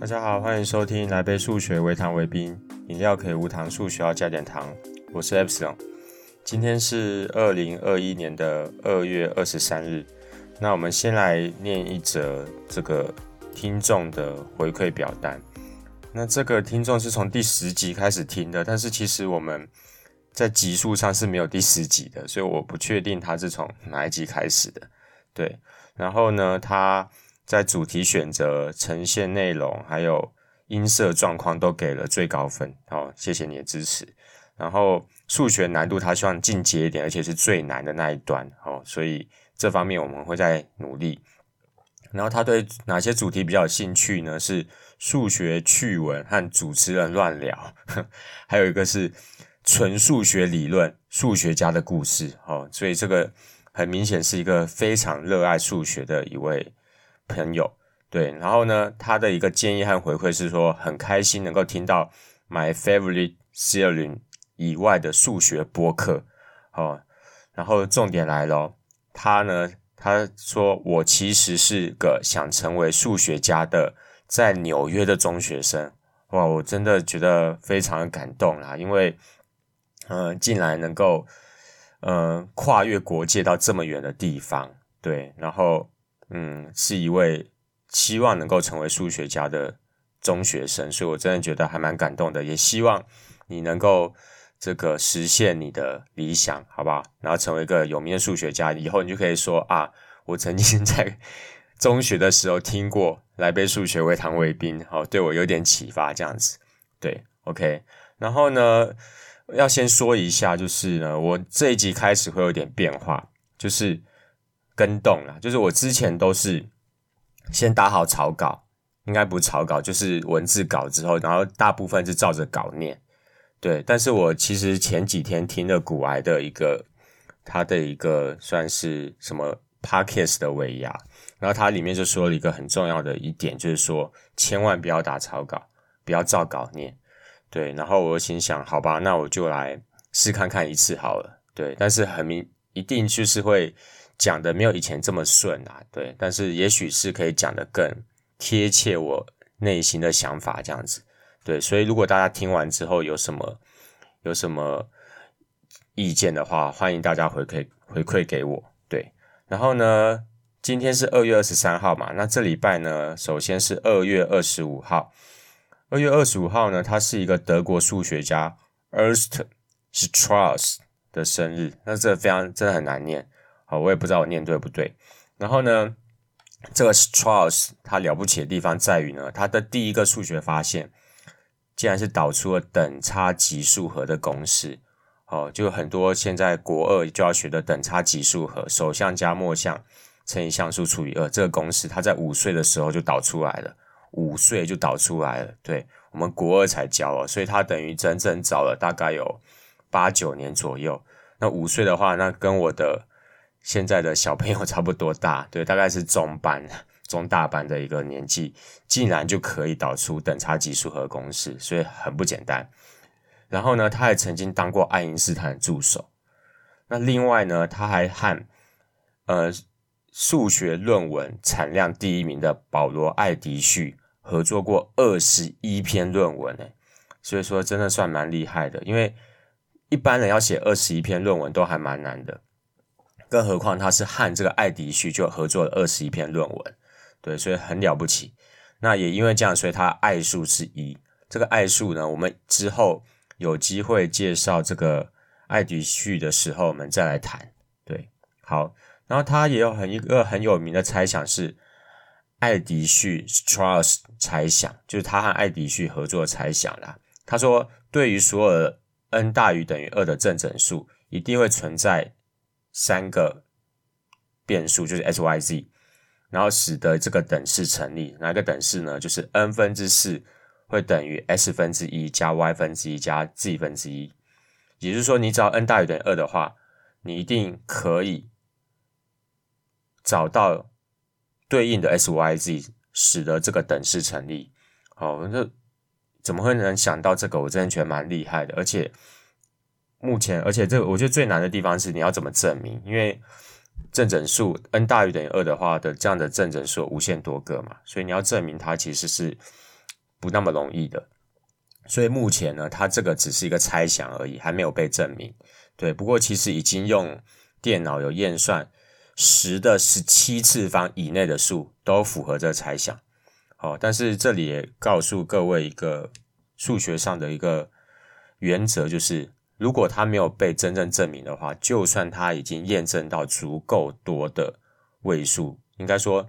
大家好，歡迎收聽來杯數學，微糖微冰，飲料可以無糖，數學要加點糖。我是 Epsilon，今天是二零二一年的二月二十三日。那我們先來念一則這個聽眾的回饋表單。那這個聽眾是從第十集開始聽的，但是其實我們在集數上是沒有第十集的，所以我不確定他是從哪一集開始的。對，然後呢，他。在主題選擇、呈現內容，還有音色狀況都給了最高分。好、哦，謝謝你的支持。然後數學難度他希望進階一點，而且是最難的那一段。好、哦，所以這方面我們會再努力。然後他對哪些主題比較有興趣呢？是數學趣聞和主持人亂聊，還有一個是純數學理論、數學家的故事。好、哦，所以這個很明顯是一個非常熱愛數學的一位朋友，對，然後呢，他的一個建議和回饋是說，很開心能夠聽到 my favorite series 以外的數學播客，哦，然後重點來咯，他呢，他說我其實是個想成為數學家的，在紐約的中學生，哇，我真的覺得非常感動啦，因為，嗯、呃，竟然能夠，嗯、呃，跨越國界到這麼遠的地方，對，然後。嗯，是一位希望能夠成為數學家的中學生，所以我真的覺得還蠻感動的。也希望你能夠這個實現你的理想，好不好？然後成為一個有名的數學家，以後你就可以說啊，我曾經在中學的時候聽過《來杯數學微糖微冰》哦，好，對我有點啟發，這樣子。對，OK。然後呢，要先說一下，就是呢，我這一集開始會有點變化，就是。跟動了，就是我之前都是先打好草稿，應該不是草稿，就是文字稿之後，然後大部分是照着稿念。對，但是我其實前幾天聽了股癌的一個他的一個算是什麼 podcast 的尾牙，然後他裡面就說了一個很重要的一點，就是說千萬不要打草稿，不要照稿念。對，然後我就心想，好吧，那我就來試看看一次好了。對，但是很明一定就是會。講的沒有以前這麼順啊，對，但是也許是可以講得更貼切我內心的想法這樣子，對，所以如果大家聽完之後有什麼有什麼意見的話，歡迎大家回饋回饋給我，對。然後呢，今天是二月二十三號嘛，那這禮拜呢，首先是二月二十五號，二月二十五號呢，它是一個德國數學家 Ernst Straus 的生日，那這非常真的很難念。好，我也不知道我念對不對。然後呢，這個 Straus 他了不起的地方在於呢，他的第一個數學發現，竟然是導出了等差級數和的公式。哦，就很多現在國二就要學的等差級數和，首項加末項乘以項數除以二這個公式，他在五歲的時候就導出來了，五歲就導出來了。對，我們國二才教哦，所以他等於整整早了大概有八九年左右。那五歲的話，那跟我的。現在的小朋友差不多大，對，大概是中班、中大班的一個年紀，竟然就可以導出等差級數和公式，所以很不簡單。然後呢，他還曾經當過愛因斯坦的助手。那另外呢，他還和呃數學論文產量第一名的保羅·艾迪胥合作過二十一篇論文呢，所以說真的算蠻厲害的。因為一般人要寫二十一篇論文都還蠻難的。更何況他是和這個艾迪旭，就合作了二十一篇論文，對，所以很了不起。那也因為這樣，所以他艾數是一。這個艾數呢，我們之後有機會介紹這個艾迪旭的時候，我們再來談。對，好。然後他也有很一個很有名的猜想是艾迪旭 Straus 猜想，就是他和艾迪旭合作的猜想啦。他說，對於所有的 n 大於等於二的正整數，一定會存在。三個變數就是 x、y、z，然後使得這個等式成立。哪一個等式呢？就是 n 分之四會等於 x 分之一加 y 分之一加 z 分之一。2. 也就是說，你只要 n 大於等於二的話，你一定可以找到對應的 x、y、z，使得這個等式成立。好，那怎麼會能想到這個？我真的覺得蠻厲害的，而且。目前，而且這個我覺得最難的地方是你要怎麼證明？因為正整數 n 大於等於二的話的這樣的正整數無限多個嘛，所以你要證明它其實是不那麼容易的。所以目前呢，它這個只是一個猜想而已，還沒有被證明。對，不過其實已經用電腦有驗算十的十七次方以內的數都符合這個猜想。好、哦，但是這裡也告訴各位一個數學上的一個原則，就是。如果它沒有被真正證明的話，就算他已經驗證到足夠多的位數，應該說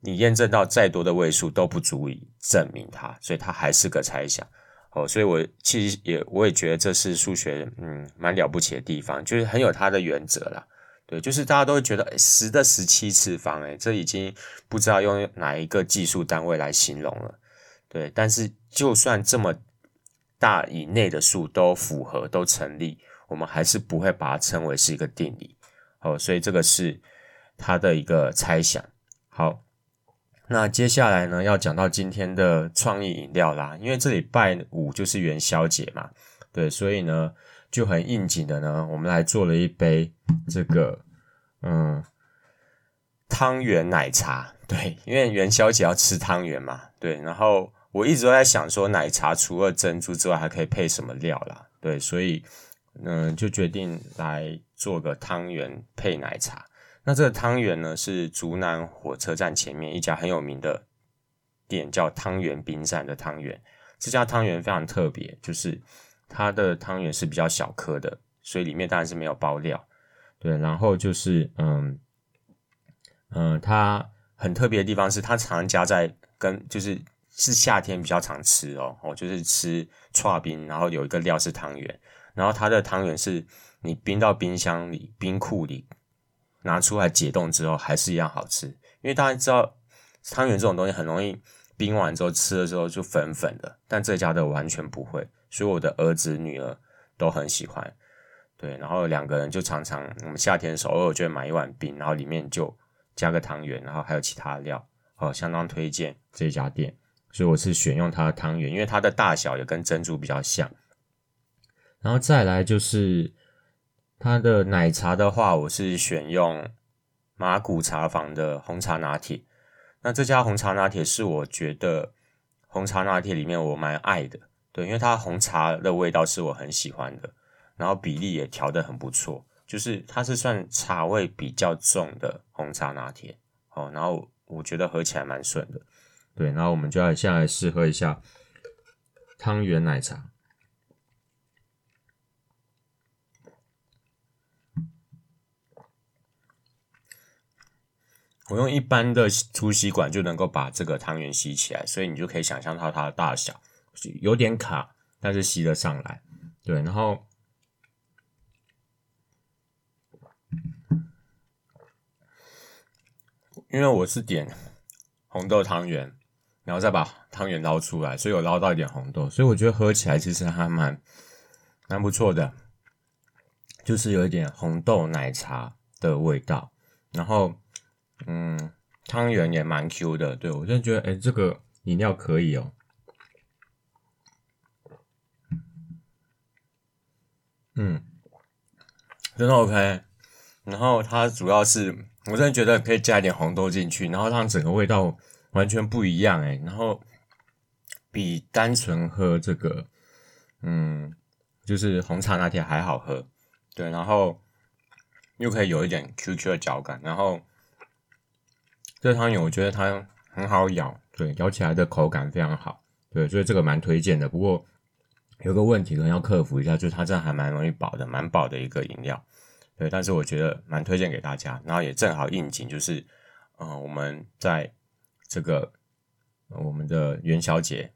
你驗證到再多的位數都不足以證明它，所以它還是個猜想。哦，所以我其實也我也覺得這是數學，嗯，蠻了不起的地方，就是很有它的原則啦。對，就是大家都會覺得十的十七次方，誒，這已經不知道用哪一個計數單位來形容了。對，但是就算這麼。大以內的數都符合，都成立，我們還是不會把它稱為是一個定理，好，所以這個是它的一個猜想。好，那接下來呢，要講到今天的創意飲料啦，因為這禮拜五就是元宵節嘛，對，所以呢就很應景的呢，我們來做了一杯這個嗯湯圓奶茶，對，因為元宵節要吃湯圓嘛，對，然後。我一直都在想說，奶茶除了珍珠之外，還可以配什麼料啦？對，所以嗯，就決定來做個湯圓配奶茶。那這個湯圓呢，是竹南火車站前面一家很有名的店，叫湯圓冰山的湯圓。這家湯圓非常特別，就是它的湯圓是比較小顆的，所以裡面當然是沒有包料。對，然後就是嗯嗯，它很特別的地方是，它常常加在跟就是。是夏天比較常吃哦，哦就是吃剉冰，然後有一個料是湯圓，然後它的湯圓是你冰到冰箱裡、冰庫裡拿出來解凍之後還是一樣好吃，因為大家知道湯圓這種東西很容易冰完之後吃了之後就粉粉的，但這家的完全不會，所以我的兒子女兒都很喜歡，對，然後兩個人就常常我們夏天的時候，偶爾我就會買一碗冰，然後裡面就加個湯圓，然後還有其他的料，哦，相當推薦這家店。所以我是選用它的湯圓，因為它的大小也跟珍珠比較像。然後再來就是它的奶茶的話，我是選用麻古茶坊的紅茶拿鐵。那這家紅茶拿鐵是我覺得紅茶拿鐵裡面我蠻愛的，對，因為它紅茶的味道是我很喜歡的，然後比例也調得很不錯，就是它是算茶味比較重的紅茶拿鐵。哦，然後我覺得喝起來蠻順的。對，然後我們就要先來試喝一下湯圓奶茶。我用一般的粗吸管就能夠把這個湯圓吸起來，所以你就可以想象到它的大小，有點卡，但是吸得上來。對，然後因為我是點紅豆湯圓。然後再把湯圓撈出來，所以我撈到一點紅豆，所以我覺得喝起來其實還蠻蠻不錯的，就是有一點紅豆奶茶的味道。然後，嗯，湯圓也蠻 Q 的，對，我真的覺得，誒，這個飲料可以哦。嗯，真的 OK。然後它主要是，我真的覺得可以加一點紅豆進去，然後讓整個味道。完全不一樣哎、欸，然後比單純喝這個，嗯，就是紅茶拿鐵還好喝，對，然後又可以有一點 Q Q 的嚼感，然後這湯圓我覺得它很好咬，對，咬起來的口感非常好，對，所以這個蠻推薦的。不過有個問題可能要克服一下，就是它這還蠻容易飽的，蠻飽的一個飲料，對，但是我覺得蠻推薦給大家，然後也正好應景，就是嗯、呃，我們在。這個我們的元宵節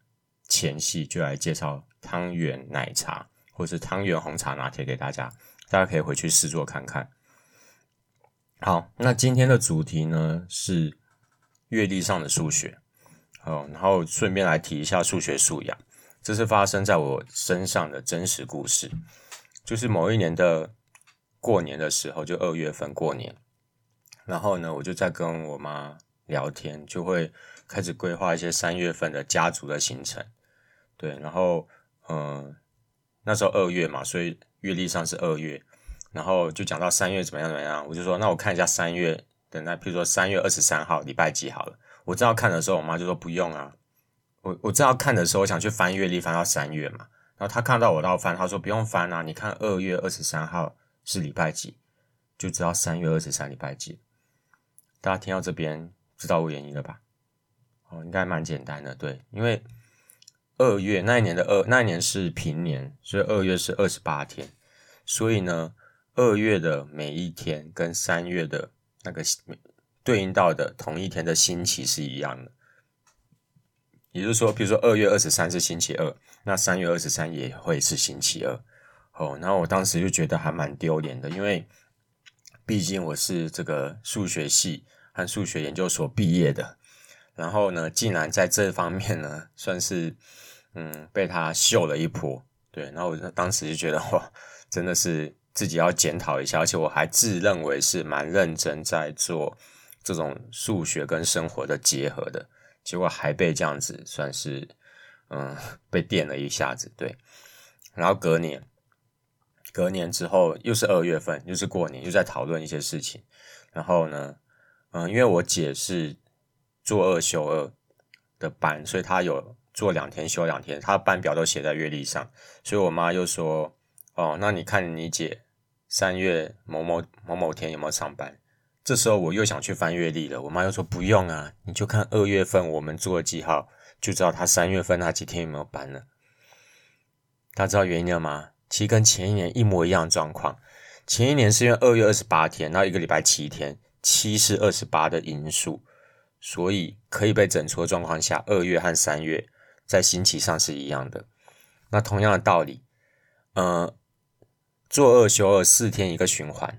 前夕，就來介紹湯圓奶茶，或是湯圓紅茶拿鐵給大家，大家可以回去試做看看。好，那今天的主題呢是月曆上的數學，好，然後順便來提一下數學素養，這是發生在我身上的真實故事，就是某一年的過年的時候，就二月份過年，然後呢，我就在跟我媽。聊天就會開始規劃一些三月份的家族的行程，對，然後嗯、呃，那時候二月嘛，所以月曆上是二月，然後就講到三月怎麼樣怎麼樣，我就說，那我看一下三月，等待，比如說三月二十三號禮拜幾好了，我正要看的時候，我媽就說不用啊，我我正要看的時候，我想去翻月曆翻到三月嘛，然後她看到我到翻，她說不用翻啊，你看二月二十三號是禮拜幾，就知道三月二十三禮拜幾，大家聽到這邊。知道我原因了吧？哦，應該蠻簡單的，對，因為二月那一年的二那一年是平年，所以二月是二十八天，所以呢，二月的每一天跟三月的那個對應到的同一天的星期是一樣的，也就是說，比如說二月二十三是星期二，那三月二十三也會是星期二。哦，然後我當時就覺得還蠻丟臉的，因為畢竟我是這個數學系。看數學研究所畢業的，然後呢，竟然在這方面呢，算是嗯被他秀了一波，對，然後我當時就覺得哇，真的是自己要檢討一下，而且我還自認為是蠻認真在做這種數學跟生活的結合的，結果還被這樣子算是嗯被電了一下子，對，然後隔年，隔年之後又是二月份，又是過年，又在討論一些事情，然後呢，嗯，因為我姐是做二休二的班，所以她有做兩天休兩天，她班表都寫在月曆上。所以我媽又說：“哦，那你看你姐三月某某某某天有沒有上班？”這時候我又想去翻月曆了。我媽又說：“不用啊，你就看二月份我們做了記號，就知道她三月份那幾天有沒有班了。”大家知道原因了嗎？其實跟前一年一模一樣的狀況，前一年是因為二月二十八天，到一個禮拜七天。七是二十八的因數，所以可以被整除的狀況下，二月和三月在星期上是一樣的。那同樣的道理，呃，做二休二，四天一個循環，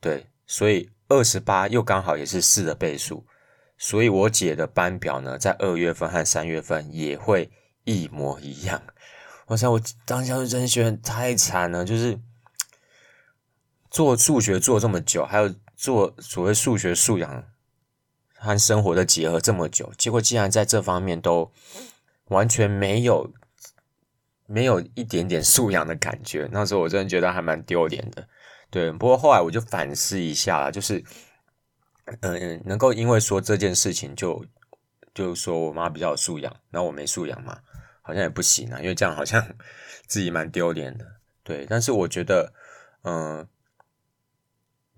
對，所以二十八又剛好也是四的倍數，所以我姐的班表呢，在二月份和三月份也會一模一樣。我想我當下譯真學，太慘了，就是做數學做這麼久，還有。做所謂數學素養和生活的結合這麼久，結果竟然在這方面都完全沒有沒有一點點素養的感覺，那時候我真的覺得還蠻丟臉的。對，不過後來我就反思一下，就是嗯、呃，能夠因為說這件事情就就說我媽比較有素養，然後我沒素養嘛，好像也不行啊，因為這樣好像自己蠻丟臉的。對，但是我覺得，嗯、呃。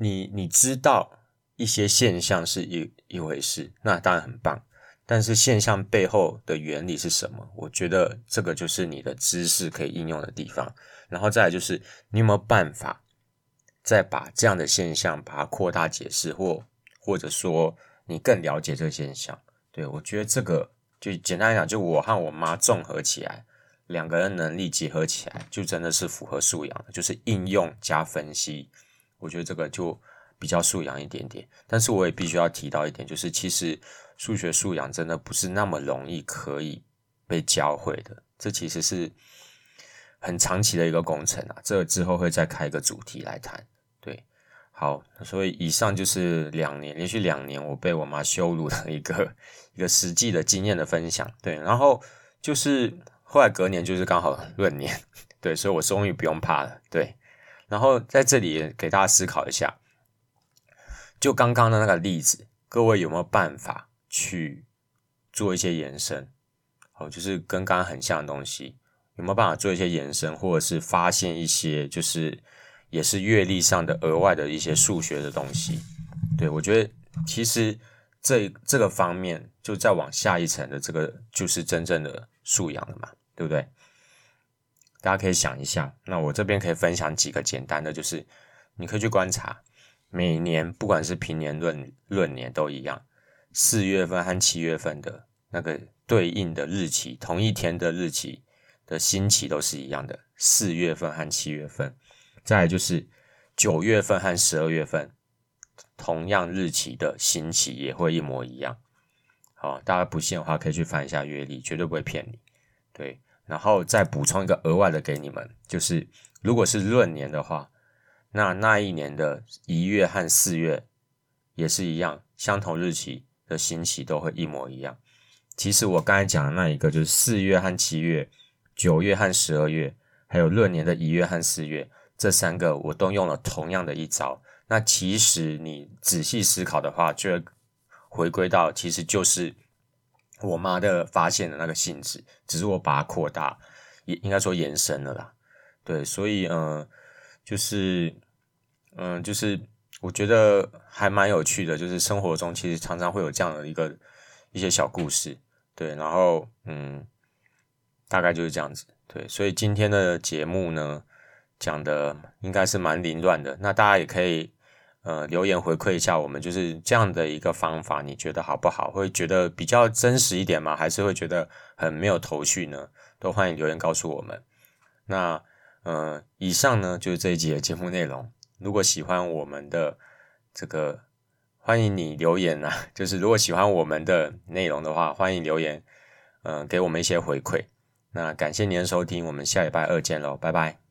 你你知道一些現象是一一回事，那當然很棒。但是現象背後的原理是什麼？我覺得這個就是你的知識可以應用的地方。然後再來就是你有沒有辦法再把這樣的現象把它擴大解釋，或或者說你更了解這個現象？對，我覺得這個就簡單來講，就我和我媽綜合起來，兩個人能力結合起來，就真的是符合素養的，就是應用加分析。我覺得這個就比較素養一點點，但是我也必須要提到一點，就是其實數學素養真的不是那麼容易可以被教會的，這其實是很長期的一個工程啊。這之後會再開一個主題來談，對，好，所以以上就是兩年，連續兩年我被我媽羞辱的一個一個實際的經驗的分享，對，然後就是後來隔年就是剛好閏年，對，所以我終於不用怕了，對。然後在這裡給大家思考一下，就剛剛的那個例子，各位有沒有辦法去做一些延伸？好、哦，就是跟剛剛很像的東西，有沒有辦法做一些延伸，或者是發現一些就是也是月曆上的額外的一些數學的東西？對，我覺得其實這這個方面就再往下一層的這個，就是真正的素養了嘛，對不對？大家可以想一下，那我這邊可以分享幾個簡單的，就是你可以去觀察，每年不管是平年閏閏年都一樣，四月份和七月份的那個對應的日期，同一天的日期的星期都是一樣的。四月份和七月份，再來就是九月份和十二月份，同樣日期的星期也會一模一樣。好，大家不信的話，可以去翻一下月曆，絕對不會騙你。對。然後再補充一個額外的給你們，就是如果是閏年的話，那那一年的一月和四月也是一樣，相同日期的星期都會一模一樣。其實我剛才講的那一個，就是四月和七月、九月和十二月，還有閏年的一月和四月，這三個我都用了同樣的一招。那其實你仔細思考的話，就會回歸到，其實就是。我媽的發現的那個性質，只是我把它擴大，也應該說延伸了啦。對，所以嗯，就是，嗯，就是我覺得還蠻有趣的，就是生活中其實常常會有這樣的一個一些小故事。對，然後嗯，大概就是這樣子。對，所以今天的節目呢，講的應該是蠻凌亂的，那大家也可以。呃，留言回饋一下，我們就是這樣的一個方法，你覺得好不好？會覺得比較真實一點嗎？還是會覺得很沒有頭緒呢？都歡迎留言告訴我們。那，呃，以上呢就是這一集的節目內容。如果喜歡我們的這個，歡迎你留言吶、啊。就是如果喜歡我們的內容的話，歡迎留言，嗯、呃，給我們一些回饋。那感謝您的收聽，我們下禮拜二見嘍，拜拜。